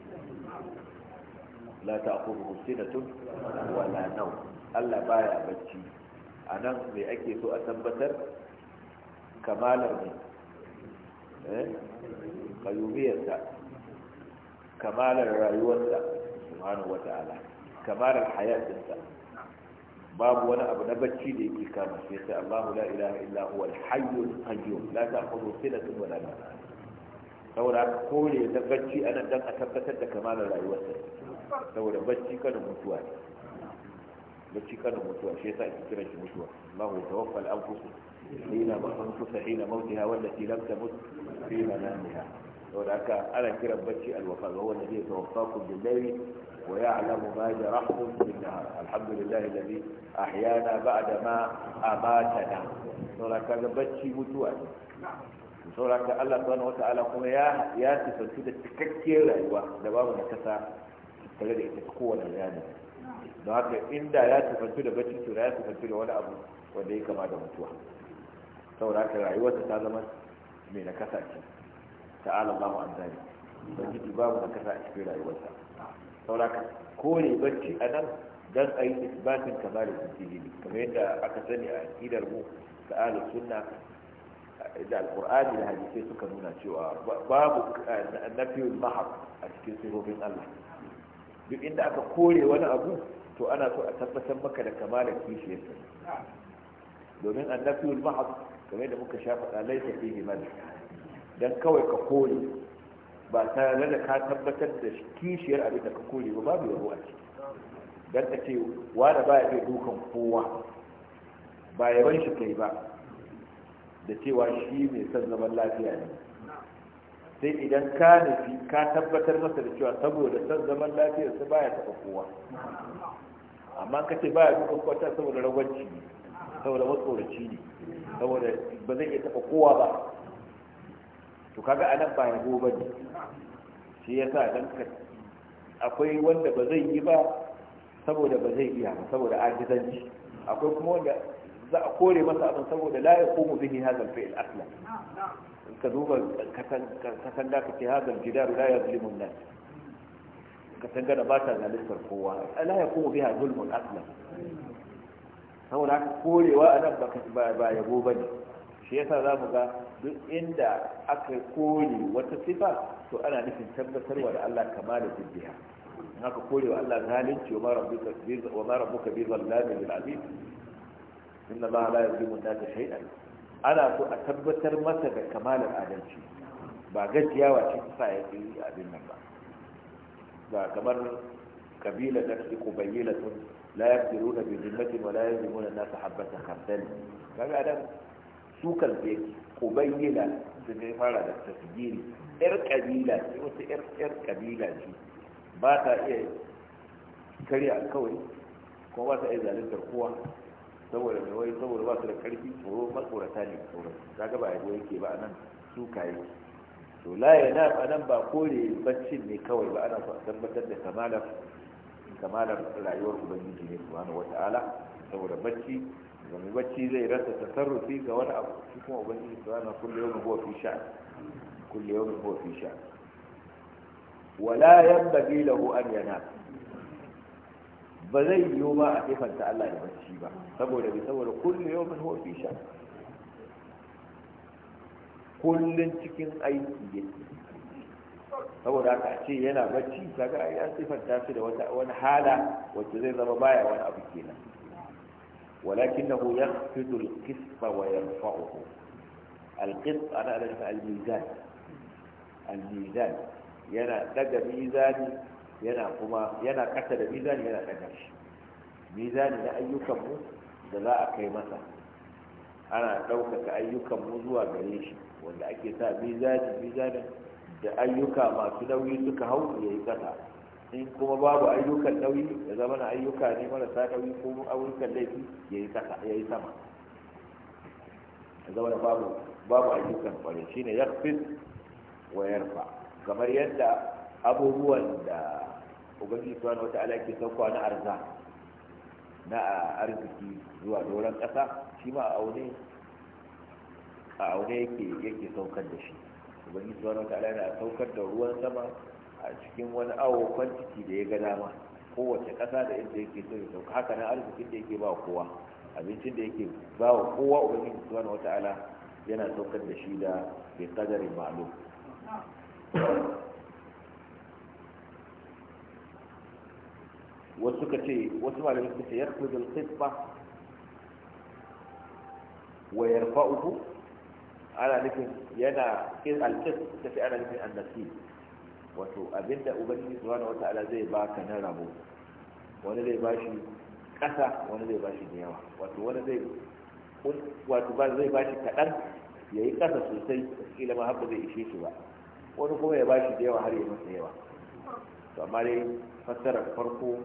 la ta'khudhuhu sinatun wa la nawm Allah baya bacci anan me ake so a tabbatar kamalar ne Eh, kayubiyarsa kamalar rayuwarsa subhanahu wata'ala kamalar hayatinsa babu wani abu na bacci da yake kama shi sai Allahu la ilaha illa huwa al-hayyul qayyum la ta'khudhu sinatun la nawm saboda haka kore da bacci ana dan a tabbatar da kamalar rayuwarsa saboda bacci kana mutuwa bacci kana mutuwa shi yasa ake kira shi mutuwa Allahu tawaffal al حين بطنك حين موتها والتي لم تمت في منامها هناك انا كرم بشي الوفاء وهو الذي يتوفاكم بالليل ويعلم ما جرحتم في النهار الحمد لله الذي أحيانا بعد ما أماتنا هناك انا بشي متوى هناك ألا سبحانه وتعالى يقول يا يا فالسيدة تككير أيوة دوام نكسى تغير تتقوى الليانة هناك إن لا ياتي فالسيدة بشي تراتي فالسيدة ولا أبو وليك إيه ما دمتوى saboda haka rayuwarsa ta zama mai na kasa ce ta'ala Allahu an zani ubangiji babu na kasa a cikin rayuwarsa saboda haka kore bacci a nan don dan ayi isbatin kamar tijili kamar yadda aka sani a aqidar mu ta ahlus sunna da alkur'ani da hadisi suka nuna cewa babu eh, nafiyul mahab a cikin sirrin Allah duk inda aka kore wani abu to ana so a tabbatar maka da kamalar kishiyarsa domin annafiyul mahab kamar da muka shafa da laisa fihi man dan kawai ka kore ba tare da ka tabbatar da kishiyar abin da ka kore ba babu yabo a ciki dan ka ce wanda ba ya dukan kowa ba yaban shi kai ba da cewa shi mai son zaman lafiya ne sai idan ka nufi ka tabbatar masa da cewa saboda son zaman lafiyar sa baya taɓa kowa amma ka ce ba ya dukan kwata saboda rawanci ne saboda matsoraci ne saboda ba zai iya taɓa kowa ba to kaga anan ba yabo ba ne shi ya sa dan ka akwai wanda ba zai yi ba saboda ba zai iya ba saboda ajizanci akwai kuma wanda za a kore masa abin saboda la ya komu bihi hadha al-fi'l aslan ka duba kasan da kace hadha al-jidar la yazlimu an-nas kasan da ba ta zaluntar kowa la ya komu biha zulmun aslan saboda haka korewa a nan ba yabo ba ne shi yasa za mu ga duk inda aka kore wata sifa to ana nufin tabbatarwa da Allah kama da jiddiya in aka kore wa Allah zalunci wa ma rabbuka bi zallami lil abid inna Allah la yuzlimu an-nasa shay'an ana so a tabbatar masa da kamalar adalci ba gajiyawa ce ta sa ya yi abin nan ba ba kamar kabila da su kubayyila sun la yaqdiruna bi dhimmatin wa la yuzlimuna an-nas habatan khardal kaga adam su kan je ubayyila da zai fara da tasgiri yar kabila yar yar kabila ba ta iya karya alkawari ko ba ta iya zaluntar kowa saboda mai wai saboda ba su da karfi tsoro matsorata ne tsoro kaga ba yabo yake ba anan su kayi to anan ba kore ne kawai ba ana tabbatar da kamalar kamalar rayuwar ubangiji ne subhanahu wata'ala saboda bacci domin bacci zai rasa tasarrufi ga wani abu shi kuma ubangiji subhanahu kulle yawmin huwa fi sha'n kullu yawmin huwa fi sha'n wala yanbaghi lahu an yana ba zai yiwu ba a sifanta Allah da bacci ba saboda bi saboda kullu yawmin huwa fi sha'n kullun cikin aiki saboda aka ce yana bacci kaga ya sifanta shi da wani hala wacce zai zama baya wani abu kenan walakinahu yakhfidu al-qisfa wa yarfa'uhu al ana da al-mizan al-mizan yana daga mizani yana kuma yana kasa da mizani yana daga shi mizani na ayyukan mu da za a kai masa ana ɗaukaka ayyukan mu zuwa gare shi wanda ake sa mizani mizanin da ayyuka masu nauyi suka hau ya yi kasa in kuma babu ayyukan nauyi ya zama na ayyuka ne marasa nauyi ko ayyukan laifi ya yi kasa ya yi sama ya zama na babu babu ayyukan kware shine yakfis wa yarfa kamar yadda abubuwan da ubangiji wata wata'ala ke sauka na arza na arziki zuwa doron ƙasa shi ma a aune yake saukar da shi wani wata wataala yana saukar da ruwan sama a cikin wani awo kwantiti da ya ga dama kowace ƙasa da yadda yake so ya sauka haka nan arzikin da yake ba kowa abincin da yake ba wa kowa ubangiji subhanahu wataala yana saukar da shi da bi kadarin malu wasu ka ce wasu malamai suka ce yaqbidul qisma wa yarfa'uhu ana nufin yana kin alkis ta fi ana nufin annasi wato abinda ubangiji subhanahu wata'ala zai baka na rabo wani zai bashi kasa wani zai bashi da yawa wato wani zai wato ba zai bashi kadan yayi kasa sosai kila ma haka zai ishe shi ba wani kuma ya bashi da yawa har ya masa yawa to amma dai fassara farko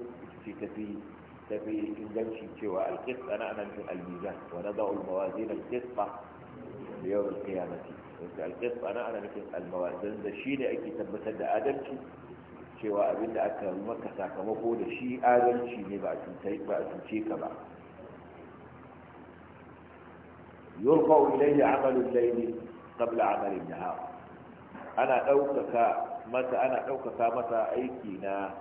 ce tafi tafi inganci cewa alkis ana ana nufin almizan wa nada'u almawazin alqisqa yawm al-qiyamati wanda al-qist ana nufin al da shi ne ake tabbatar da adalci cewa abinda aka maka sakamako da shi adalci ne ba a cuce ba ka ba yurqa ilayhi 'amalu al-layli qabla 'amali an ana ana ɗaukaka masa aiki na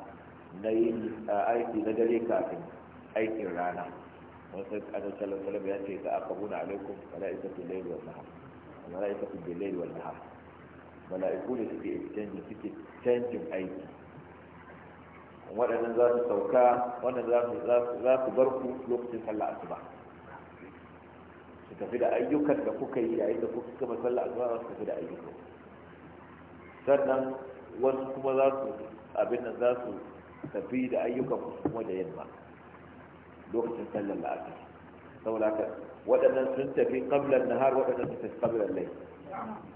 na aiki na dare kafin aikin rana wasu kasar Salamu ya ce ta aka buna alaikum mala'ikatu lail wal nahar mala'ikatu bil lail wal nahar mala'iku ne suke exchange suke canjin aiki waɗannan za su sauka wannan za su bar ku lokacin sallah asuba su tafi da ayyukan da kuka yi yayin da kuka gama sallah asuba su tafi da ayyukan sannan wasu kuma za su abin nan za su tafi da ayyukan kuma da yamma lokacin sallar la'asar saboda haka waɗannan sun tafi qablan nahar waɗannan sun tafi qablan layl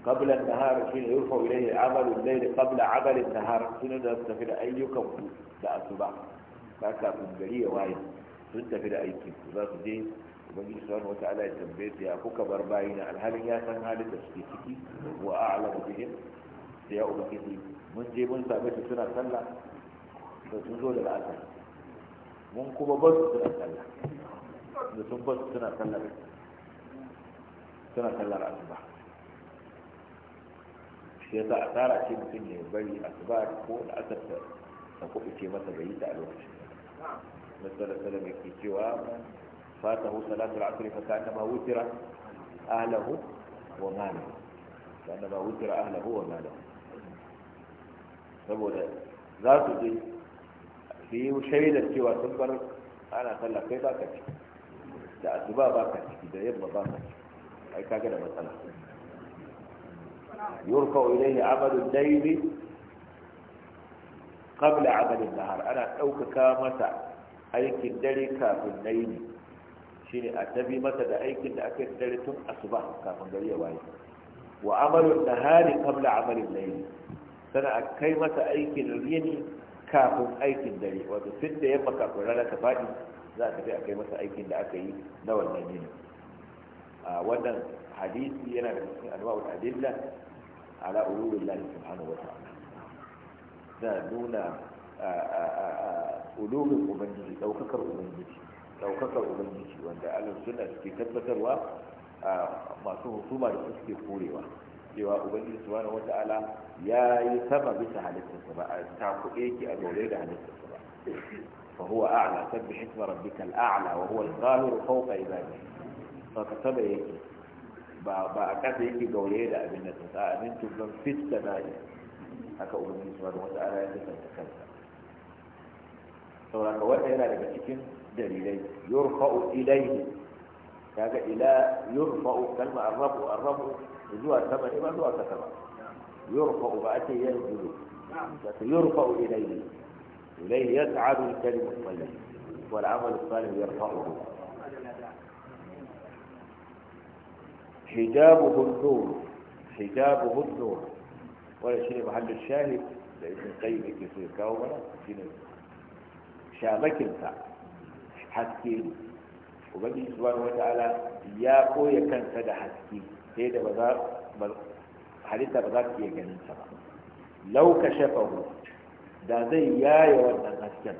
qablan nahar shine yurfa ilayhi amalu layl qabla amali nahar sunan da su tafi da ayyukan ku da asuba ba kafin gari ya waye sun tafi da aiki ku za su je ubangiji subhanahu wata'ala ya tambaye su ya kuka bar bayina alhalin ya san halin da suke ciki wa a'lamu bihim sai ya ubangiji mun je mun same su suna sallah da sun zo da la'asar mun kuma ba su suna kalla da sun ba su suna sallar suna sallar asuba shi yasa tsara ce mutum ne bari asuba ko da asar ta ta kuɗi ce masa bai yi ta a lokacin nasarar salama ke cewa fata hu salatul asri fa kana ma wutira ahlahu wa malahu kana ma wutira ahlahu wa malahu saboda za su je su yi shaidar cewa sun bar ana sallah kai ba ka ci da asuba ba ka ciki da yamma ba ka ciki ai kaga da matsala Yurka yurfa ilayhi amalu daili kabla amalin nahar ana ɗaukaka masa aikin dare kafin daili shine a tabi masa da aikin da aka yi dare tun asuba kafin gari ya waye wa amalu nahari kabla amalin laili sana a kai masa aikin yini kafin aikin dare wato tun da yamma kafin rana ta faɗi za ka tafi a kai masa aikin da aka yi na wannan yini wannan hadisi yana da cikin anwa'ul adilla ala ululillah subhanahu wa ta'ala da nuna ulumin ubangiji ɗaukakar ubangiji ɗaukakar ubangiji wanda alin suna suke tabbatarwa masu hukuma da suke korewa cewa ubangiji subhanahu wata'ala ya yi sama bisa halittarsa ba a takuɗe ki a gaure da halittarsa ba fa huwa a'la sabbih isma rabbika al-a'la wa huwa al-qahiru fawqa ibadihi fa ka saba yake ba ba a kasa yake gaure da abin da ta amin tubban fitta da haka ubangiji subhanahu wata'ala ya kasance kansa saboda ka wanda yana daga cikin dalilai yurfa'u ilayhi kaga ila yurfa'u kalma arrabu arrabu zuwa sama ne ba zuwa kasa ba yurfa يرفع إليه إليه يسعد الكلم الطيب والعمل الصالح يرفعه حجابه النور حجابه النور ولا شيء محل الشاهد لابن القيم كثير كاومنا شنو شامك انت حسكين ubangiji subhanahu wata'ala ya koya kansa da haske sai da ba za halitta ba za ta iya ganin sa ba law kashafahu da zai yaya wannan hasken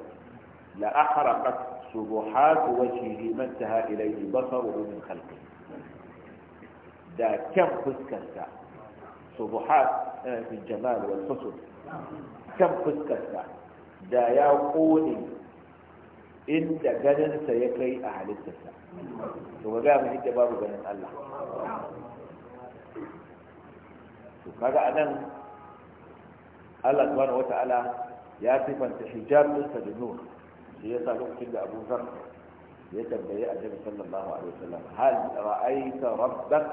la ahraqat subuhat wajhihi mantaha ilayhi basaruhu min khalqi da kyan fuskarsa subuhat fi jamal wal husn kyan fuskarsa da ya kone inda ganinsa ya kai a halittarsa to ga gaya inda babu ganin Allah to kaga anan Allah subhanahu wata'ala ya sifanta hijab ɗinsa da nur shi yasa lokacin da Abu Zar ya tambaye Annabi sallallahu alaihi wasallam hal ra'aita rabbak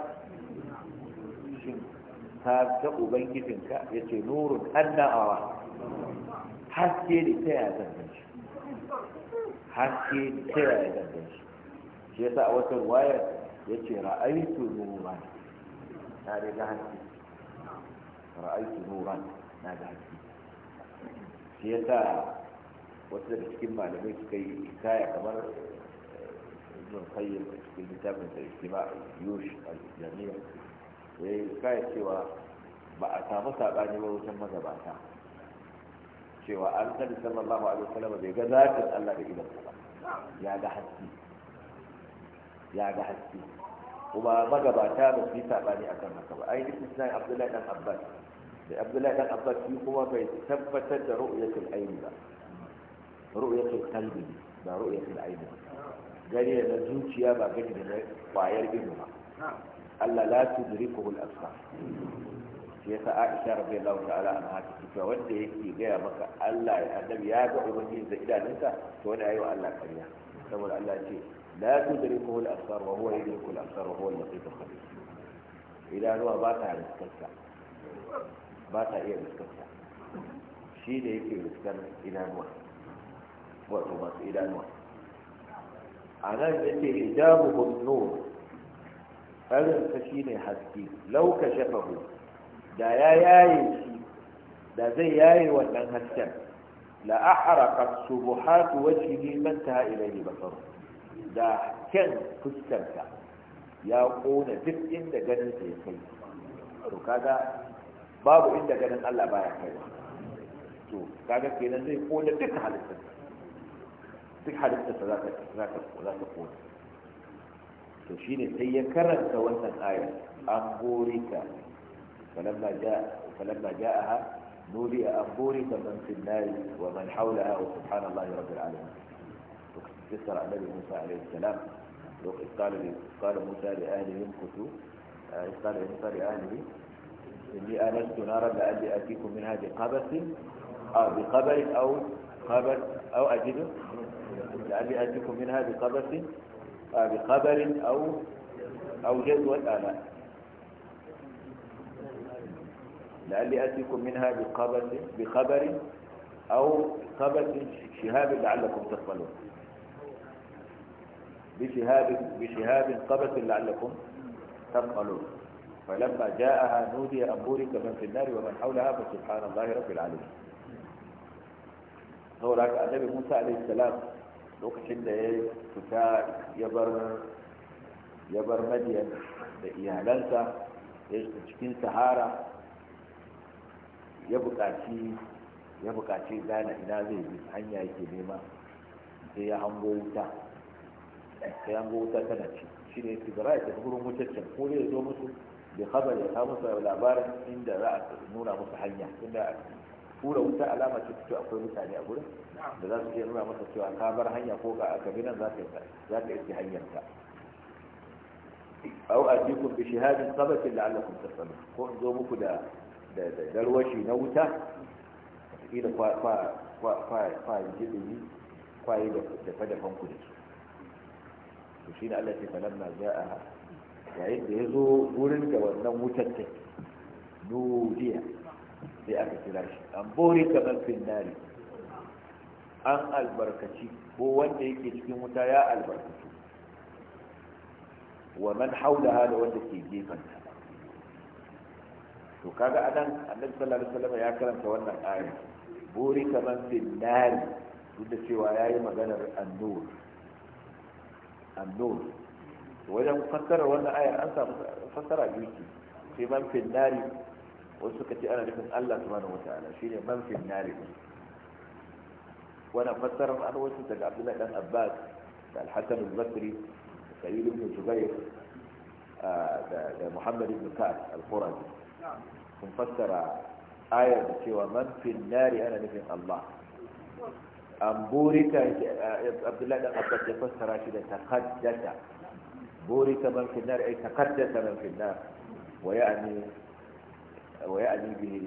shin ka ga ubangijinka yace nurun anna ara haske ne ta ya zanta haske ta yaya gangan shi shi yasa a watan wayar ya ce ra'aitu nuran na daga haske ra'aitu nuran na da haske shi yasa wasu daga cikin malamai suka yi kaya kamar eh, ibn qayyim a cikin littafin da ba a yush a jamia ya yi kaya cewa ba a samu saɓani ba wajen magabata cewa an kada sallallahu alaihi wasallam bai ga zatin Allah da idan ba ya ga haske ya ga haske kuma magabata ba su yi sabani akan haka ba ai ibn Sa'id Abdullah dan Abbas da abdullahi dan Abbas shi kuma bai tabbatar da ru'yatul ayn ba ru'yatul qalbi ba ru'yatul ayn ba gani da zuciya ba gani da kwayar ido ba Allah la tudrikuhu al-absar shi yasa Aisha radiyallahu ta'ala anha ta ce wanda yake gaya maka Allah ya annabi ya ga ubangiji da idanunka to wani yayi wa Allah kariya saboda Allah ce la tudrikuhu al-absar wa huwa yudriku al-absar wa huwa al-latif al-khabir idanuwa ba ta riskarsa ba ta iya riskarsa shi ne yake riskar idanuwa wato masu idanuwa a nan yake hijabu nur tsarinsa shi ne haske lauka shafa shafahu da ya yaye shi da zai yaye wannan hasken la ahraqat subuhat wajhihi man taha ilayhi basaru da kyan fuskarta ya kona duk inda ganin sa ya kai to kaga babu inda ganin Allah baya kai to kaga kenan zai kona duk halittar duk halittar sa za ta za ta kona to shine sai ya karanta wannan ayar an borika فلما جاء فلما جاءها نولئ أن من في النار ومن حولها وسبحان الله رب العالمين تكسر النبي موسى عليه السلام قال قال موسى لأهله امكثوا آه، قال موسى لأهله إني آنست نارا لعلي أتيكم منها بقبس آه، أو بقبر أو قبس أو أجد لعلي أتيكم منها بقبس آه، بقبر أو أو جدول آلاء لعلي أتيكم منها بخبر بخبر أو خبر شهاب لعلكم تقبلون بشهاب بشهاب قبس لعلكم تقبلون فلما جاءها نودي أن بورك من في النار ومن حولها فسبحان الله رب العالمين saboda annabi musa alaihissalam lokacin da ya fita ya يبر madiyan يا iyalansa ya cikin سهارة ya buƙaci ya bukaci gane ina zai bi hanya yake nema sai ya hango wuta sai hango wuta tana ci shi ne su bara ya tafi gurin wutaccen ko zai zo musu da khabar ya samu su labarin inda za a nuna musu hanya inda kura wuta alama ce ta akwai mutane a gurin da za su iya nuna masa cewa ka bar hanya ko ka aka bi nan za ka yi hanyar ka au atikum bi shihadin sabatin la'allakum tasallun ko in zo muku da da darwashi na wuta ila kwayan jibini kwaye da fadafan da su to shi ne ce falam na za a yayin da ya zo wurin da wannan wutar ta nudiya sai aka kira shi an bori kamar finnari an albarkaci ko wanda yake cikin wuta ya albarkaci wa man haula da wanda ke gefanta to kaga anan annabi sallallahu alaihi wasallam ya karanta wannan aya buri kaman bin nari duk da cewa yayi maganar annur annur wajen fassara wannan aya, an samu fassara biyu sai man fin nari wasu suka ce ana nufin Allah subhanahu wataala shine man fin nari wannan fassara an wasu daga Abdullahi dan Abbas da Al-Hasan al-Basri da Sayyid ibn Jubair ah, da Muhammad ibn Ka'ab al-Qurazi kun fassara ayar da cewa man fil nari ana nufin Allah an burika abdullahi dan abbas ya fassara shi da taqaddata burika man fil nari ay taqaddata man fil nar wa ya'ni wa ya'ni bihi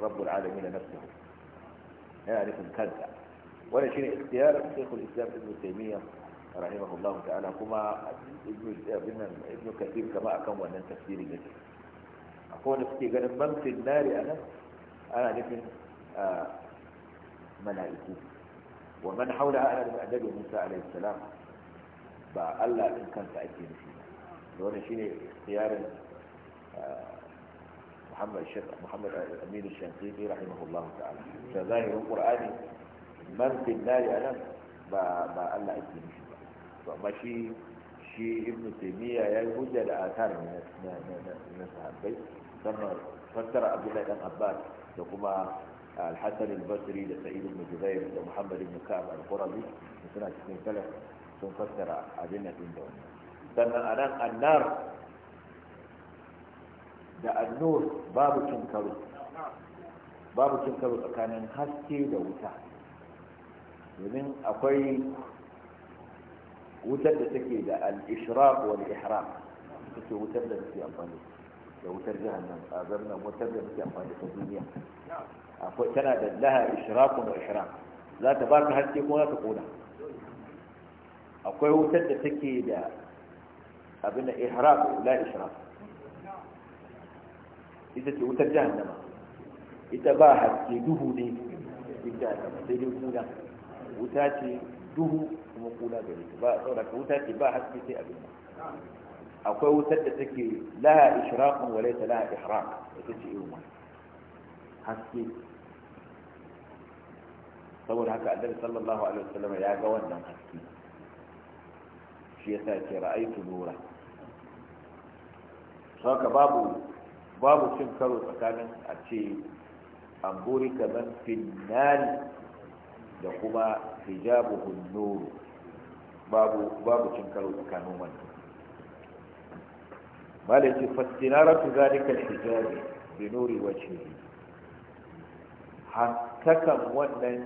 rabbul alamin nafsuhu yana nufin kanta wannan shine ikhtiyar shaykhul islam ibn taymiyyah rahimahullahu ta'ala kuma ibn ibn ibn kathir kama akan wannan tafsirin yake akwai wanda suke ganin mamfin nari a nan ana nufin mala'iku wa man haula ana nufin annabi musa alaihi salam ba allah din kansa ake nufi ba wannan shine ikhtiyarin محمد الشيخ محمد الأمين الشنقيطي رحمه الله تعالى فظاهر القرآن من في النار أنا shi ألا أدري فما شيء شيء ابن تيمية يا na لآثار من الصحابي musamman fassara abdullahi dan abbas da kuma alhassan al-basri da sa'id ibn jubair da muhammad ibn ka'ab al-qurabi suna cikin salaf sun fassara abin da din da wannan sannan anan annar da annur babu cin karo babu cin karo tsakanin haske da wuta domin akwai wutar da take da al-ishraq wal ihraq take wutar da take amfani da wutar jahannam azab nan wutar da muke amfani da ta duniya akwai tana da laha ishraqun wa ishraq za ta baka haske ko za ta kona akwai wutar da take da abin da ihraq la ishraq ita ce wutar jahannama ita ba haske duhu ne ita sai dai kuna wuta ce duhu kuma kuna gare ta ba saboda wuta ce ba haske sai abin nan akwai wutar da take laha ishraqun wa laysa laha ihraq ita ce irin wannan haske saboda haka annabi sallallahu alaihi wasallam ya ga wannan haske shi yasa ce ra'aytu nura saka babu babu cin karo tsakanin a ce an buri kaman finnani da kuma hijabuhun nuru babu babu cin karo tsakanin wannan malai ce fastinaratu zalika hijabi bi nuri wajhihi haskakan wannan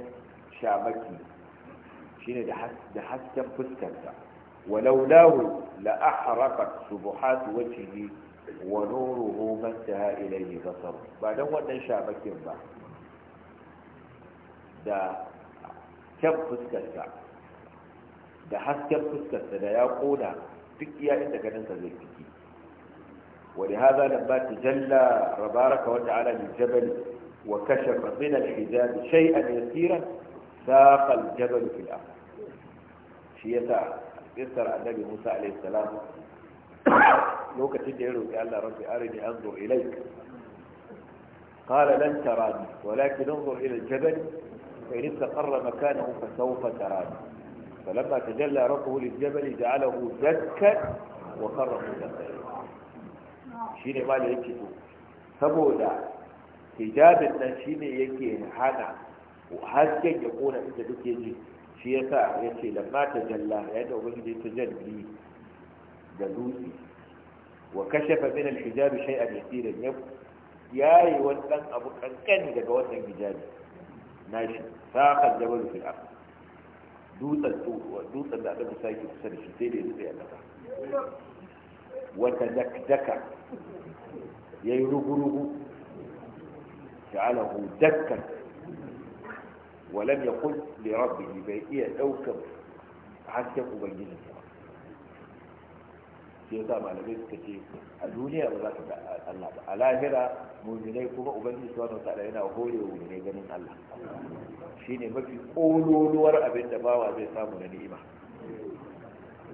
shamaki shine da hasken fuskarsa ولولاه لأحرقت سبحات وجهه ونوره ما انتهى إليه بصره بعد wannan shabakin ba da kyan fuskarsa da hasken fuskarsa da ya kona duk iya inda ganinsa zai fiki ولهذا لما تجلى ربارك وتعالى للجبل وكشف من الحجاب شيئا يسيرا ساق الجبل في الأرض شيء يسر النبي موسى عليه السلام لو كتب يقول الله ربي أرني أنظر إليك قال لن تراني ولكن انظر إلى الجبل فإن استقر مكانه فسوف تراني فلما تجلى ربه للجبل جعله دكا وخر من shi ne ma da yake to saboda hijabin nan shi ne yake hana hasken ya kona inda duke ji shi ya sa ya ce lamma ta jalla ya da ubangiji ta jalli da dutse wa kashe min al-hijabi a yasiran ya yayi wani dan abu kankani daga wannan hijabi Na shi saqal jabal fil ardh dutsen dutsen da aka sake kusa da shi sai da ya tsaye a kasa wata dakdaka ya yi rugu-rugu ja'alahu dakkan walam ya kun li rabbi bai iya ɗaukar hasken ubangiji ba sai yasa malamai suka ce a duniya ba za ta ga Allah ba a lahira muminai kuma ubangiji subhanahu wataala yana hore wa muminai ganin Allah shine mafi kololuwar abin da bawa zai samu na ni'ima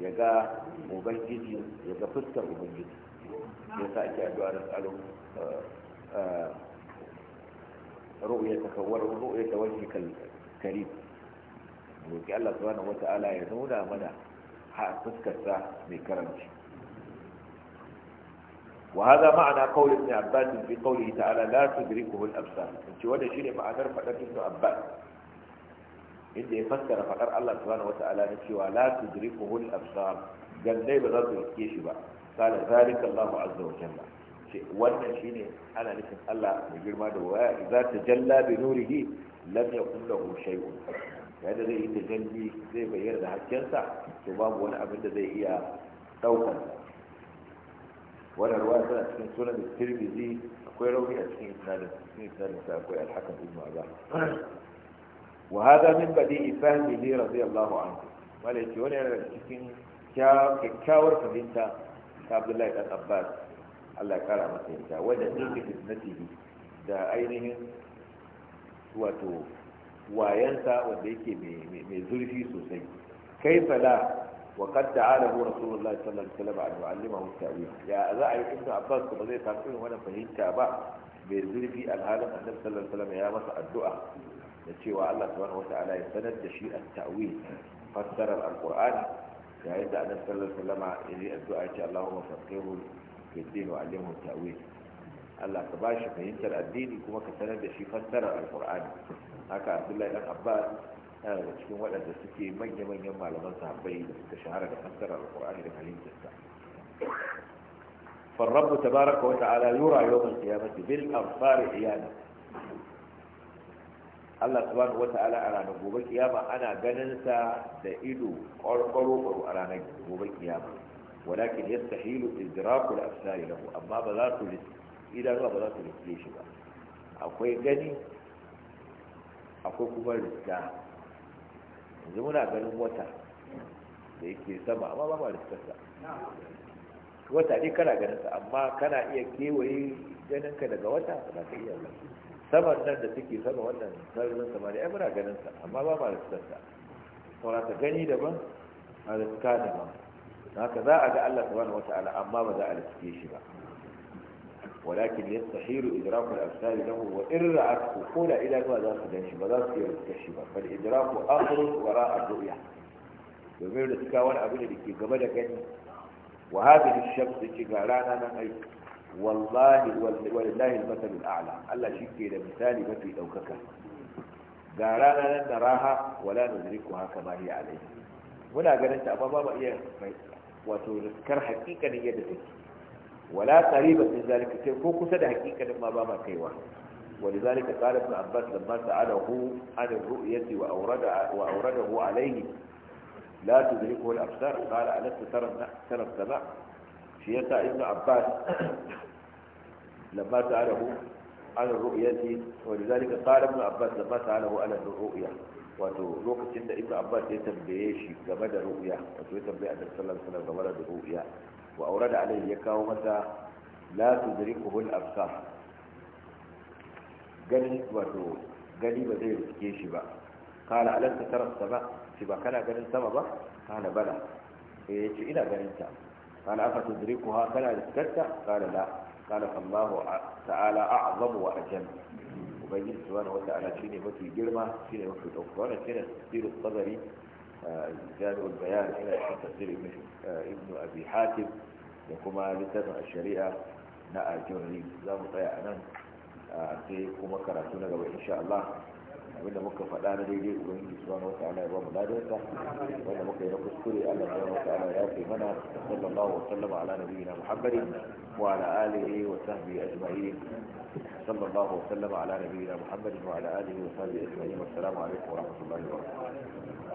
ya ga ubangiji ya ga fuskar ubangiji ya sa ake addu'a da tsaro eh, ru'ya takawwar ru'ya tawajhi wani karim roki Allah subhanahu wata'ala ya nuna mana ha fuskar sa mai karanci وهذا معنى قول ابن عباس في قوله تعالى لا تدركه الابصار انت ولا شيء ما اثر فدك ابن عباس inda ya fassara faɗar Allah subhanahu wata'ala na cewa la tudrikuhu al-absar gandai ba za su riske shi ba qala zalika Allahu azza wa jalla ce wannan shine ana nufin Allah mai girma da waya Zata tajalla bi nurihi lam yakun lahu shay'un yadda zai yi tajalli zai bayyana da sa to babu wani abin da zai iya daukar wannan ruwa tana cikin sunan tirmidhi akwai rauni a cikin isnadin cikin akwai alhakan hakim ibn wa hada min badi ifahmihi radiyallahu anhu wala wani yana cikin kyakkyawar fahimta ta Abdullahi dan Allah ya kara masa yake fitnatihi da ainihin wato wayansa wanda yake mai zurfi sosai kai fala wa qad ta'alahu rasulullahi sallallahu alaihi wasallam an yu'allimahu tawil ya za a yi ibnu abbas ba zai samu irin fahimta ba mai zurfi alhalin annabi sallallahu alaihi wasallam ya masa addu'a التي والله سبحانه وتعالى يسند تشيء التأويل فسر القرآن يعني إذا أنا صلى الله عليه وسلم الدعاء اللهم فقهه في الدين وعلمه التأويل الله تباشر في ينسر الدين يكون كسند تشيء فسر القرآن هكا عبد الله بن عباس cikin waɗanda suke manya-manyan malaman sahabbai da suka shahara da fassara alƙur'ani da fahimtarsa farrabu tabaraka wa ta'ala yura yawan Allah subhanahu wata'ala a ranar gobe kiyama ana ganin sa da ido ƙwarƙwaro a ranar gobe kiyama walakin sahilu idraku da absari lahu amma ba za su idan ba za su riske shi ba akwai gani akwai kuma riska yanzu muna ganin wata da yake sama amma ba ma riskarsa wata ne kana ganin sa amma kana iya kewaye ganin ka daga wata ba ka iya ba saman nan da suke sama wannan sararin samari ai muna ganin sa amma ba ma da sa saura ta gani daban a riska daban haka za a ga Allah subhanahu wata'ala amma ba za a riske shi ba walakin yastahiru idraku al-absar lahu wa irra'atu ko da idanuwa za su gan shi ba za su iya riske shi ba bal idraku akhru wara'a ru'ya domin riska wani abu ne da ke gaba da gani wa hadhihi ash-shams ga rana nan aiki wallahi walillahi al-masal al-a'la Allah shike da misali mafi daukaka ga rana nan da raha wala nuzriku haka ma hiya alai muna ganin ta amma ba mu iya wato riskar hakikanin yadda take wala qariba min zalika sai ko kusa da hakikanin ma ba ma kaiwa ولذلك قال ابن عباس لما سأله عن الرؤية وأورد وأورده عليه لا تدركه الأبصار قال ألست ترى السماء shi yasa ibnu abbas [COUGHS] lamma ta'alahu ala ru'yati wa lidhalika qala Ibn abbas lamma ta'alahu ala ru'ya wato lokacin da Ibn abbas ya tambaye shi game da ru'ya wato ya tambaye annabi sallallahu alaihi wasallam game da ru'ya wa aurada alaihi ya kawo masa la tudrikuhu al-absar gani wato gani ba zai riske shi ba kala alanta tara sama shi ba kana ganin sama ba kana bala sai eh, ya ce ina ganin ta قال أفتدركها كلا لسكتة قال لا قال فالله تعالى أعظم وأجل وبين سبحانه وتعالى شيني مكي جرمة شيني مكي الأخوان شيني تفسير الطبري جامع البيان هنا تفسير ابن أبي حاتم وكما لتبع الشريعة na a jirgin za mu tsaya a nan sai kuma karatu na gaba insha Allah abinda muka faɗa na daidai ubangiji subhanahu wa ta'ala ya ba mu ladarsa wanda muka yi na kuskure Allah subhanahu wa ta'ala ya kai mana sallallahu wa sallama ala nabiyyina muhammadin wa ala alihi wa sahbihi ajma'in sallallahu wa sallama ala nabiyyina muhammadin wa ala alihi wa sahbihi ajma'in wassalamu alaikum wa rahmatullahi wa barakatuh